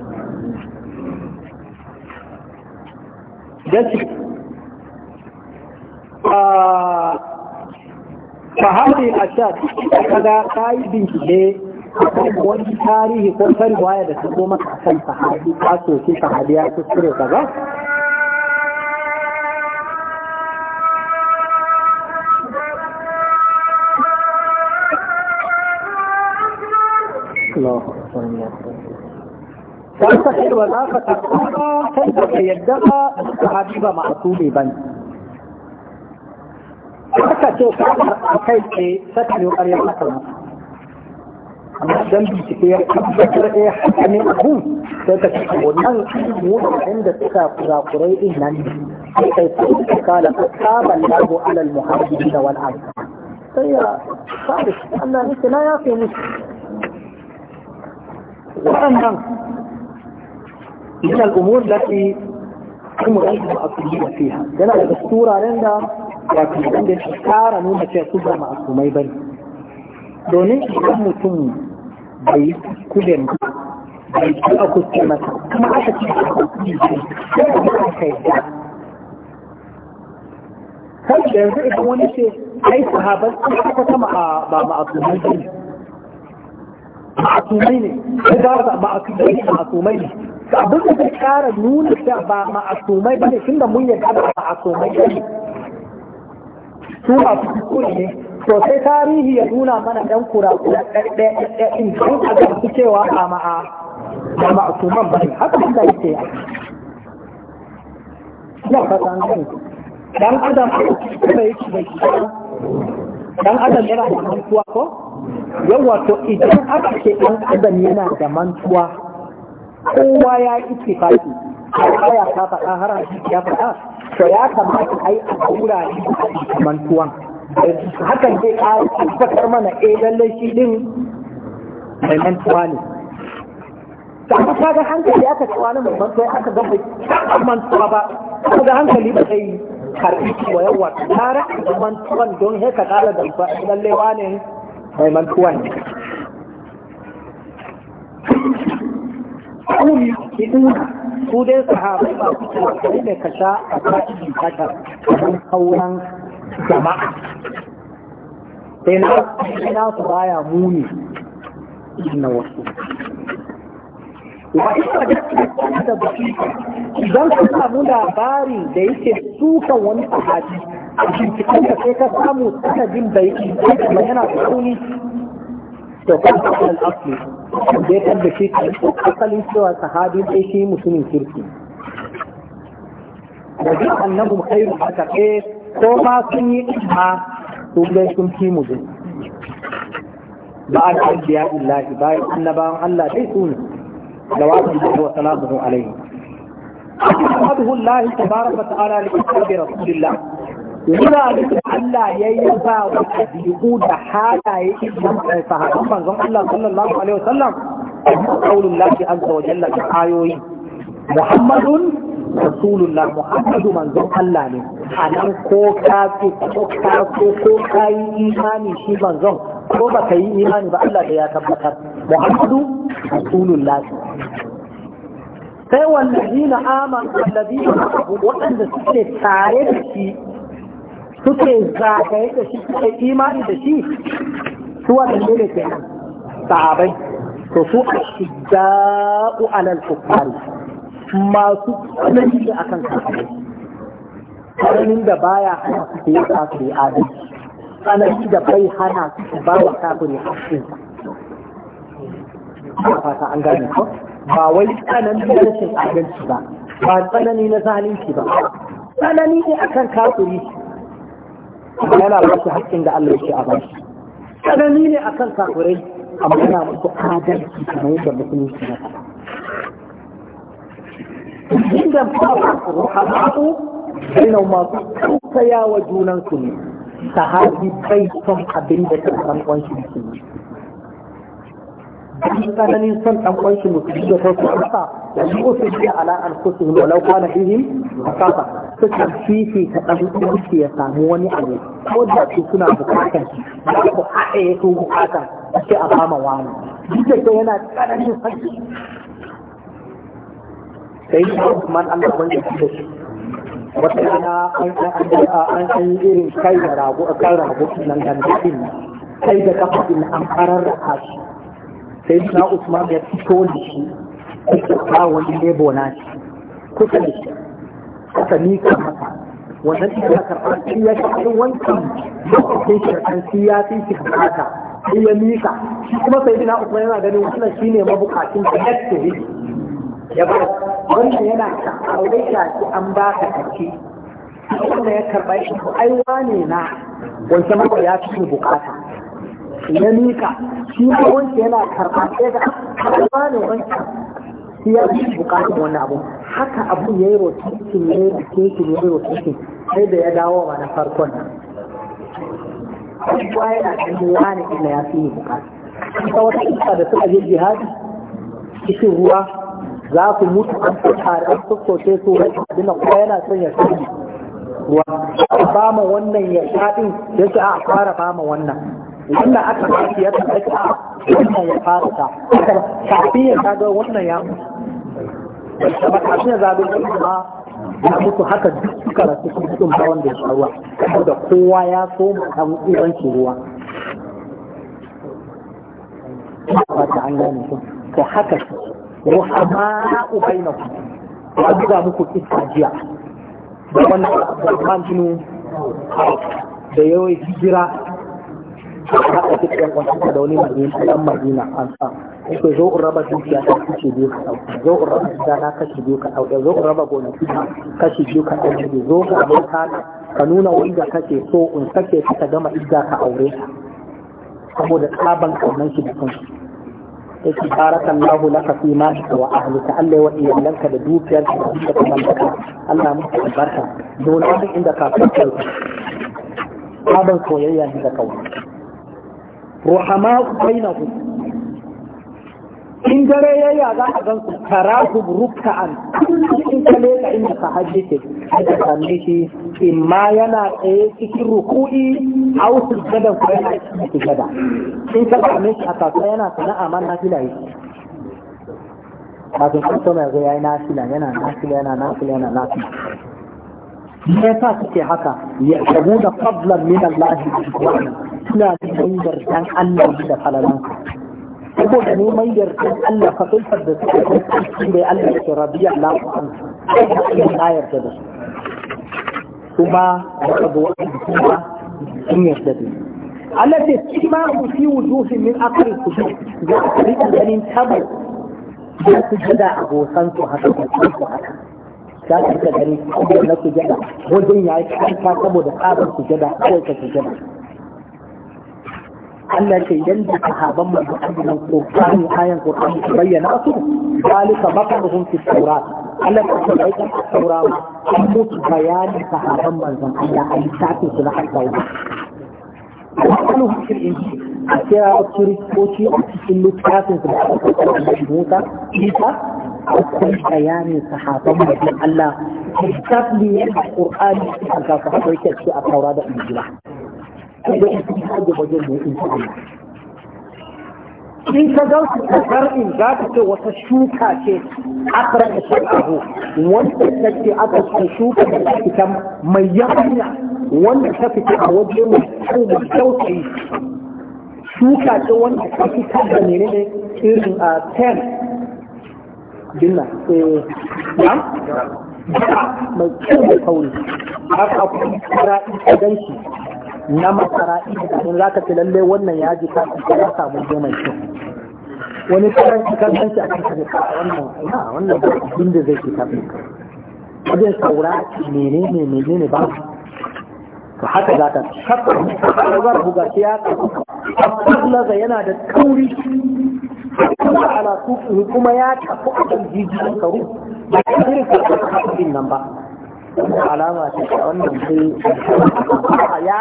ah, فهذه الاشياء هذا قائد وفي تاريخ كنت وعيدة تقوم عشان صحابي أسو في صحابي أسو سري كذا الله أكبر الله أكبر فانتخل ولا فتقوم فانتخل يدقى الصحابي بمعصومي بني حتى تقول كيف في فتح القرية المكرمة أما الدم بيتكير بكر إيه حتى من أبوه فتكتب ونال حمود عند التساق ذاقريه من حيث قال أصاب الله على المحاربين والعالم فهي طيب، خالص أن نسي لا يعطي نسي وأنها من الأمور التي هم غير مؤكدين فيها لأن الدستور عندنا wato wanda ya nuna cewa su ba ba domin idan mutum bai yi bai ci a masa kuma aka ce a kai da yanzu idan wani ce ai sahabar sun aka sama ba ma'asumai ba ne ma'asumai ne ya ne ne abin da zai kara nuna da ba ba tunda mun yarda ba a ba ne su masu ne to sai tarihi ya nuna mana ɗan kura-kura ɗaɗɗaɗɗaɗɗin sun a gamsu cewa a ma'a ba ma'asuman ba ne haka suka yi ce ya fata an dan adam kuma yake da dan adam yana da mantuwa ko yawa to idan aka ce dan adam yana da mantuwa kowa ya yi ittifaqi aya ta faɗa har ya faɗa to ya kamata a yi a wurare mantuwan, hakan zai ƙara tabbatar mana eh lallai shi din mai mantuwa ne amma ka ga hankali aka ci wani mai mantuwa aka ga bai mantuwa ba ka ga hankali ba zai karɓi cewa yawa tara da mantuwan don haka ƙara da lallai wani mai mantuwan ne Kun yi ku dai sahabai ba ku ce kai da ka sha a ka'idin kata don sauran jama'a sai na ina su baya muni ina wasu wa ita da kuma da baki idan ka samu labari da yake sukan wani sahabi a cikin ka sai ka samu sanadin bai kuma yana da to kan kan asli dai kan da shi asalin cewa sahabi dai shi mutumin kirki da duk annabum khairu haka eh ko ma sun yi ma su dai sun fi mu dai ba a kan biya illahi bayan annabawan Allah dai su ne da wasu da wa salamu alaihi Abdullahi tabaraka ta'ala li rabbillah wurare da Allah ya yi ba wa ɗabi'u da halaye idan sahabban manzon Allah sallallahu alaihi wasallam qaulun lahi azza wa jalla da ayoyi Muhammadun rasulullah Muhammadu manzon Allah ne a nan ko ka ko ka ko ka yi imani shi manzon ko ba ka yi imani ba Allah da ya tabbatar Muhammadu rasulullah sai wallazina amanu wallazina waɗanda suke tare da shi suke zagaye da shi suke imani da shi su waɗanda ne ke sahabai to su a shida'u alal kufari masu tsanani da akan kafirai tsananin da baya hana su ke yi kafiri adalci tsanani da bai hana su ba wa kafiri haƙƙin ba fata an gane ko ba wai tsananin rashin adalci ba ba tsanani na zalunci ba tsanani ne akan kafiri yana ba su haƙƙin da Allah yake a ba shi tsanani ne a kan kafirai amma yana musu adalci kamar yadda musulunci na faɗa inda ruhamatu bainau masu tausaya wa junansu ne sahabi bai son abin da ta ɗan ƙwanshi musulmi tsananin son ɗan ƙwanshi musulmi da ta su ƙasa da su ƙusa ala an kusa walau kwana ihim a kafa suka fifita ɗan uwansu ya samu wani abu ko da su suna bukatar ba ku haɗe ya su bukata sai a kama wani duk da ke yana tsananin sanki sai ne Usman Allah wanda ya da shi wata yana an yi irin kai da rago a kan rago nan da nufin kai da kafa in an farar da kashi sai na Usman ya fito da shi kuka wani lebo na shi kusa da shi aka mika masa wannan ita ya karɓa shi ya shi wancan lokacin shirkan shi ya fi shi bukata shi ya mika shi kuma sai dina uku yana ganin wannan shi ne mabukacin da ya ce ya ba wannan yana aure shi an ba ka kaci wannan ya karɓa shi ko ai wane na wancan mako ya fi bukata ya mika shi ma wancan yana karɓa sai da ai wane wancan shi ya ji bukatun wannan abu haka abu ya yi rotation ya yi rotation ya yi rotation sai da ya dawo ma na farkon nan kowa yana ganin ne ina ya fi ni bukata ita wata iska da suka je jihadi cikin ruwa za su mutu an tsare an tsotsoce su rashin dina kowa yana son ya sani ruwa ba ma wannan ya shaɗin ya ce a fara ba ma wannan wannan aka ba shi ya tsaka wannan ya fara ta kafin ya kaga wannan ya mutu ba kafin zaɓe su ma ya mutu haka duk suka rasu su mutum ba wanda ya faruwa saboda kowa ya so mu samu tsiranci ruwa ba ta an gane su to haka su ruhama ubaina ku ya buga muku iska jiya da wannan abubuwan bin da yawai hijira da haɗa ɗan wasu da wani madina ɗan madina an samu yake zo in raba dukiya ta kashi biyu ka ɗauke. zo in raba gida na kashi biyu ka ɗauke. zo in raba gonaki kashi biyu ka ɗauke. zo ka abota ka nuna wanda kake so in sake ka gama idda ka aure saboda tsaban kaunan shi da kansu yake baraka Allahu laka fi ma wa ahlika Allah wa wadi yanka da dukiyar da kuma mallaka Allah mu barka don wani inda ka fita baban soyayya da kawai ruhama bainahu in dare ya yi za a gansu tarahum ruka'an in ka leka inda ka hajji ke da same shi in ma yana tsaye cikin ruku'i a wasu gadan ko yana cikin sujada in ka same shi a kasuwa yana sana'a ma na fila yi kafin kusa mai zai ya yi na fila, yana na fila, yana na fila, yana na fila. me sa suke haka ya shabu da fadlan min Allah wa suna da dangar dan Allah da falalansa saboda neman yarda Allah fa kulfar da suke kai da Allah ya rabiya Allah ku an sai da yarda da su kuma da abu wani kuma sun yarda da Allah ce shi ma ku fi wujuhi min akari ku shi ga rika ganin tabo da su jada abokan su haka su haka za su ga ganin kuma na su jada wajen yayi kanta saboda tsabar su jada kawai ka su jada Allah ce idan da sahaban manzo Allah ko kan ayan Qur'ani su bayyana su zalika maqamuhum fi Tawrat Allah ta ce ai kan Tawrat an mutu bayani sahaban manzo Allah ai tafi su na Tawrat وقالوا في الإنجيل أتى أكثر كوتي في اللوكات في الحديث موسى إيسا أكثر بيان صحابة من الله كتاب لي القرآن أنت صحابة يكتب في التوراة الإنجيل kaga ita ta da wajen da in ta in ka ga su kasar in za ka ce wata shuka ce akra da shan abu wanda ce aka san shuka da ta fita mai yabanya wanda ta fita a waje mai kyau mai kyautayi shuka ce wanda ta fitar da ne irin a ah, ten dinna eh mai kyau da kauri haka akwai kara ita ganshi na masara ita in za ka ce lallai wannan ya ji ka ya samu je mai kyau wani karan kan san shi a cikin ka wannan ina wannan abin da zai ke tafi wajen saura menene menene ba to haka za ta tabbar buga shi ya tabbar yana da kauri kuma ala kuma ya tafi a kan jijiyar karu ba irin karfin nan ba alama ce a wannan sai ya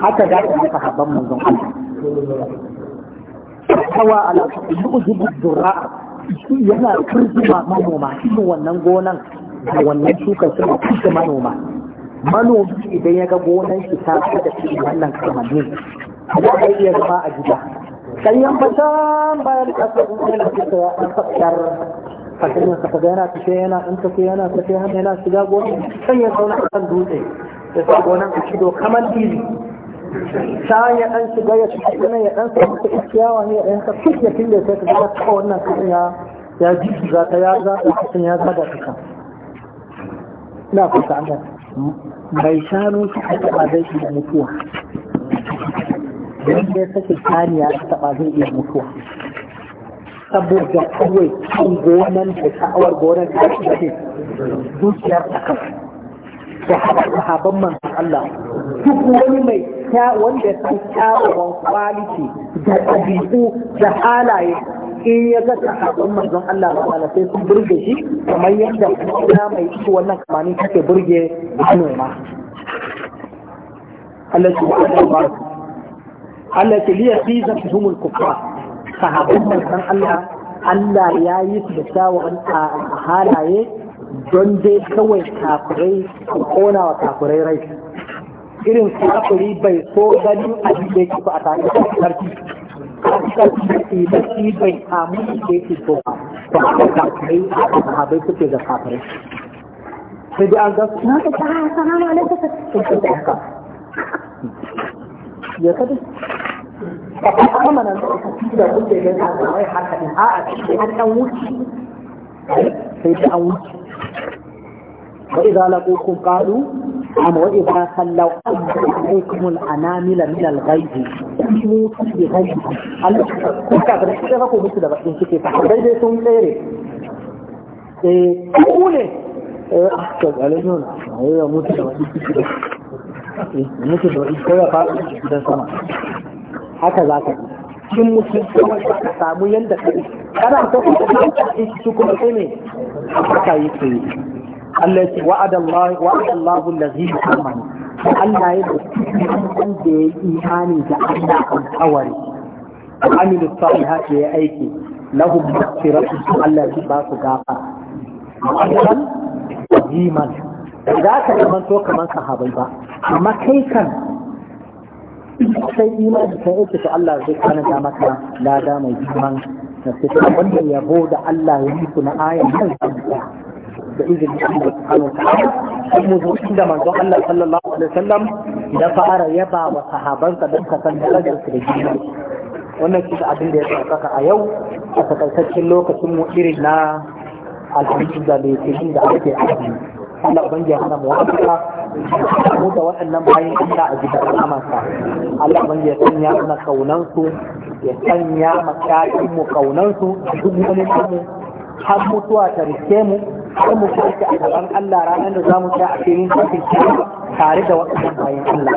haka za ta maka haɓar manzon kawa ala yu'jibu zurra'a yana kirkima manoma cikin wannan gonan da wannan shuka suna kirkima manoma manomi idan ya ga gonan shi ta fi da cikin wannan kamanni za a iya zama a gida kan yan fata bayan kasar yana fita ya ɗan فاتنين سخدينا تشينا انت كينا سخيها مينا سجاب ونا سيئة ونا حسن دوتي يسعب ونا اشدو كمان ديلي شاية انس جاية تشينا يا انس انت اشياء وهي انت كيف يكين لي سيك بنا تحونا كينا يا جيس ذات يا ذات وحسن يا ذات كيكا لا فتا عمد بيشانو سحيك عبادي في المكوح بيشانو سحيك عبادي في المكوح saboda kawai kan gonan da sha'awar gonan da ake ce dukiyar ta kafa da sahaban man Allah duk wani mai wanda ta san kyawawan kwaliti da ɗabi'u da halaye in ya ga sahabban manzon Allah ba ala sai sun burge shi kamar yadda kuma mai shi wannan kamanin take burge manoma Allah subhanahu wa ta'ala Allah ya liya fi humul kufa Sahabin manzon Allah Allah ya yi su da a halaye don dai kawai kafirai su kona wa kafirai rai irin kafiri bai so ganin a da yake ba a tare da sarki sarki da shi bai samu da ke so ba to haka kafirai haka sahabai suke da kafirai sai dai an gasu na ta tsara salamu alaikum sai ta haka ya kadu da kuma mana da kuke ganin da wai haka din a a an dan wuce eh, sai da an wuce wa idza laqukum qalu am wa idza sallaw alaykum al-anamila min al-ghayb Allah ka ga shi da ku da bakin kike fa dai dai sun tsere eh ku eh ah, to alajon ayo mutu da bakin kike eh, mutu da kike gidan sama haka za ka yi in mutum kawai ka samu yadda ka yi kana ta kuma ka yi shi kuma sai ne haka yi ke yi Allah ya ce wa'ada Allah wa'ada Allah allazi amanu Allah ya ce an da ya imani da Allah alƙawari amilu salihat ya aiki lahum maghfiratu Allah ya ba su gafa wannan man. da ka zama to kamar sahabai ba amma kai kan kai imani kai yake to Allah zai kana da maka lada mai girman na sai wannan yabo da Allah ya yi ku na ayan nan da ta Allah subhanahu wa ta'ala sai mu zo inda manzon Allah sallallahu alaihi wasallam ya fara yaba wa sahabansa don ka san darajar su da girman wannan shi abin da ya tsaka a yau a takaitaccen lokacin mu irin na alhamdulillah da yake inda ake aiki Allah ubangiji ya hana mu wa'afa mu da waɗannan bayan Allah a gidan amansa Allah ban ya sanya mana kaunansu ya sanya makakin mu kaunansu duk wani mu har mutuwa ta rike mu har mu kwanci a gaban Allah ranar da zamu ta a filin kafin tare da waɗannan bayan Allah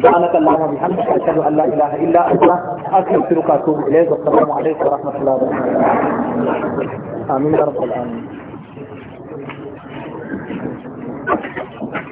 سبحانك اللهم وبحمدك اشهد ان لا اله الا انت استغفرك واتوب اليك والسلام عليكم ورحمه الله وبركاته امين يا رب العالمين